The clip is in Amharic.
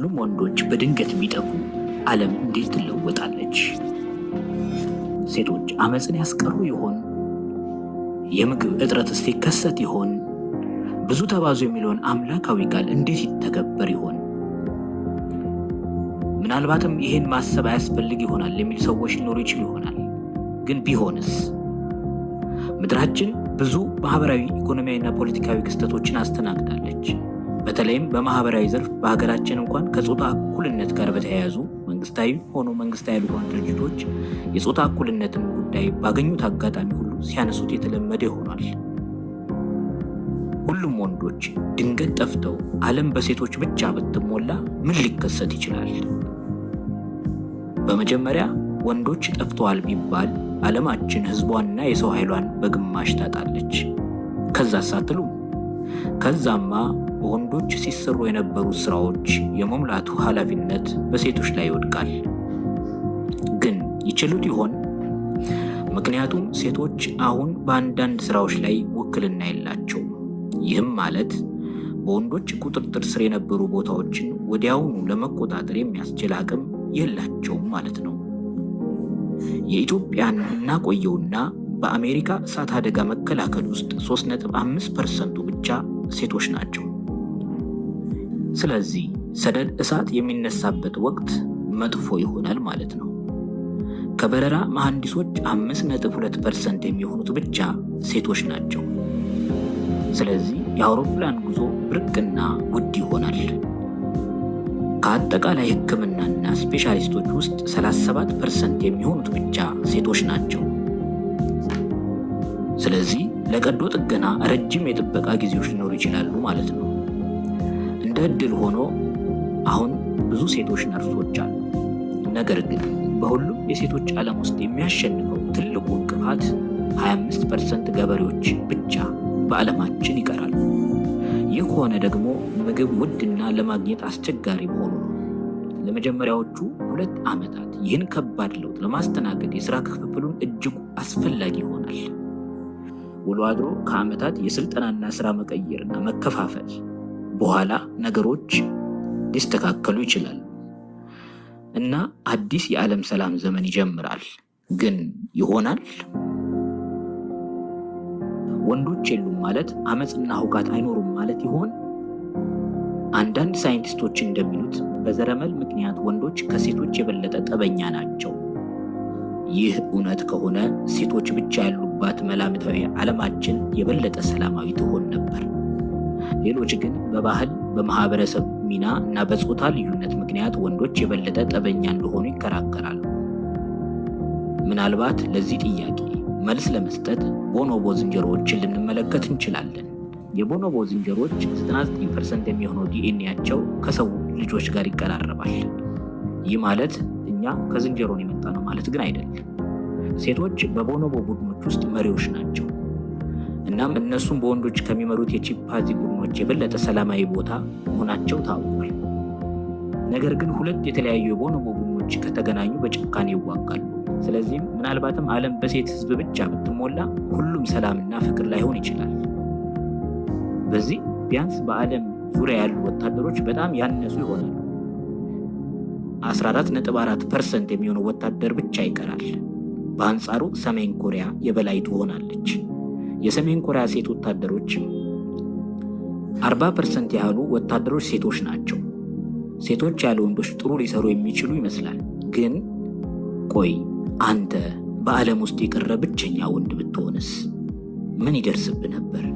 ሁሉም ወንዶች በድንገት ቢጠፉ ዓለም እንዴት ትለወጣለች? ሴቶች አመፅን ያስቀሩ ይሆን? የምግብ እጥረትስ ከሰት ይሆን? ብዙ ተባዙ የሚለውን አምላካዊ ቃል እንዴት ይተገበር ይሆን? ምናልባትም ይህን ማሰብ አያስፈልግ ይሆናል የሚል ሰዎች ሊኖሩ ይችሉ ይሆናል። ግን ቢሆንስ? ምድራችን ብዙ ማህበራዊ ኢኮኖሚያዊና ፖለቲካዊ ክስተቶችን አስተናግዳለች። በተለይም በማህበራዊ ዘርፍ በሀገራችን እንኳን ከጾታ እኩልነት ጋር በተያያዙ መንግስታዊ ሆኖ መንግስታዊ ያልሆኑ ድርጅቶች የጾታ እኩልነትን ጉዳይ ባገኙት አጋጣሚ ሁሉ ሲያነሱት የተለመደ ሆኗል። ሁሉም ወንዶች ድንገት ጠፍተው ዓለም በሴቶች ብቻ ብትሞላ ምን ሊከሰት ይችላል? በመጀመሪያ ወንዶች ጠፍተዋል ቢባል ዓለማችን ህዝቧንና የሰው ኃይሏን በግማሽ ታጣለች። ከዛ ሳትሉ ከዛማ በወንዶች ሲሰሩ የነበሩ ስራዎች የመሙላቱ ኃላፊነት በሴቶች ላይ ይወድቃል። ግን ይችሉት ይሆን? ምክንያቱም ሴቶች አሁን በአንዳንድ ስራዎች ላይ ውክልና የላቸው። ይህም ማለት በወንዶች ቁጥጥር ስር የነበሩ ቦታዎችን ወዲያውኑ ለመቆጣጠር የሚያስችል አቅም የላቸውም ማለት ነው። የኢትዮጵያን እናቆየውና በአሜሪካ እሳት አደጋ መከላከል ውስጥ 3.5 ፐርሰንቱ ብቻ ሴቶች ናቸው። ስለዚህ ሰደድ እሳት የሚነሳበት ወቅት መጥፎ ይሆናል ማለት ነው። ከበረራ መሐንዲሶች 5.2 ፐርሰንት የሚሆኑት ብቻ ሴቶች ናቸው። ስለዚህ የአውሮፕላን ጉዞ ብርቅና ውድ ይሆናል። ከአጠቃላይ ሕክምናና ስፔሻሊስቶች ውስጥ 37 ፐርሰንት የሚሆኑት ብቻ ሴቶች ናቸው። ስለዚህ ለቀዶ ጥገና ረጅም የጥበቃ ጊዜዎች ሊኖሩ ይችላሉ ማለት ነው። እንደ እድል ሆኖ አሁን ብዙ ሴቶች ነርሶች አሉ። ነገር ግን በሁሉም የሴቶች ዓለም ውስጥ የሚያሸንፈው ትልቁ እንቅፋት 25 ፐርሰንት ገበሬዎች ብቻ በዓለማችን ይቀራሉ። ይህ ከሆነ ደግሞ ምግብ ውድና ለማግኘት አስቸጋሪ መሆኑ ነው። ለመጀመሪያዎቹ ሁለት ዓመታት ይህን ከባድ ለውጥ ለማስተናገድ የሥራ ክፍፍሉን እጅጉ አስፈላጊ ይሆናል። ውሎ አድሮ ከዓመታት የሥልጠናና ሥራ መቀየርና መከፋፈል በኋላ ነገሮች ሊስተካከሉ ይችላል እና አዲስ የዓለም ሰላም ዘመን ይጀምራል። ግን ይሆናል? ወንዶች የሉም ማለት አመፅና ሁካት አይኖሩም ማለት ይሆን? አንዳንድ ሳይንቲስቶች እንደሚሉት በዘረመል ምክንያት ወንዶች ከሴቶች የበለጠ ጠበኛ ናቸው። ይህ እውነት ከሆነ ሴቶች ብቻ ያሉባት መላምታዊ ዓለማችን የበለጠ ሰላማዊ ትሆን ነበር። ሌሎች ግን በባህል በማህበረሰብ ሚና እና በፆታ ልዩነት ምክንያት ወንዶች የበለጠ ጠበኛ እንደሆኑ ይከራከራሉ። ምናልባት ለዚህ ጥያቄ መልስ ለመስጠት ቦኖቦ ዝንጀሮዎችን ልንመለከት እንችላለን። የቦኖቦ ዝንጀሮዎች 99% የሚሆነው ዲኤንኤያቸው ከሰው ልጆች ጋር ይቀራረባል። ይህ ማለት እኛ ከዝንጀሮን የመጣ ነው ማለት ግን አይደለም። ሴቶች በቦኖቦ ቡድኖች ውስጥ መሪዎች ናቸው። እናም እነሱም በወንዶች ከሚመሩት የቺምፓንዚ ቡድኖች ሰዎች የበለጠ ሰላማዊ ቦታ መሆናቸው ታውቋል። ነገር ግን ሁለት የተለያዩ የቦኖቦ ቡድኖች ከተገናኙ በጭካኔ ይዋጋሉ። ስለዚህም ምናልባትም ዓለም በሴት ህዝብ ብቻ ብትሞላ ሁሉም ሰላምና ፍቅር ላይሆን ይችላል። በዚህ ቢያንስ በዓለም ዙሪያ ያሉ ወታደሮች በጣም ያነሱ ይሆናሉ። 14.4 ፐርሰንት የሚሆነው ወታደር ብቻ ይቀራል። በአንጻሩ ሰሜን ኮሪያ የበላይ ትሆናለች። የሰሜን ኮሪያ ሴት ወታደሮችም 40 ፐርሰንት ያህሉ ወታደሮች ሴቶች ናቸው። ሴቶች ያለ ወንዶች ጥሩ ሊሰሩ የሚችሉ ይመስላል። ግን ቆይ አንተ በዓለም ውስጥ የቀረ ብቸኛ ወንድ ብትሆንስ ምን ይደርስብ ነበር?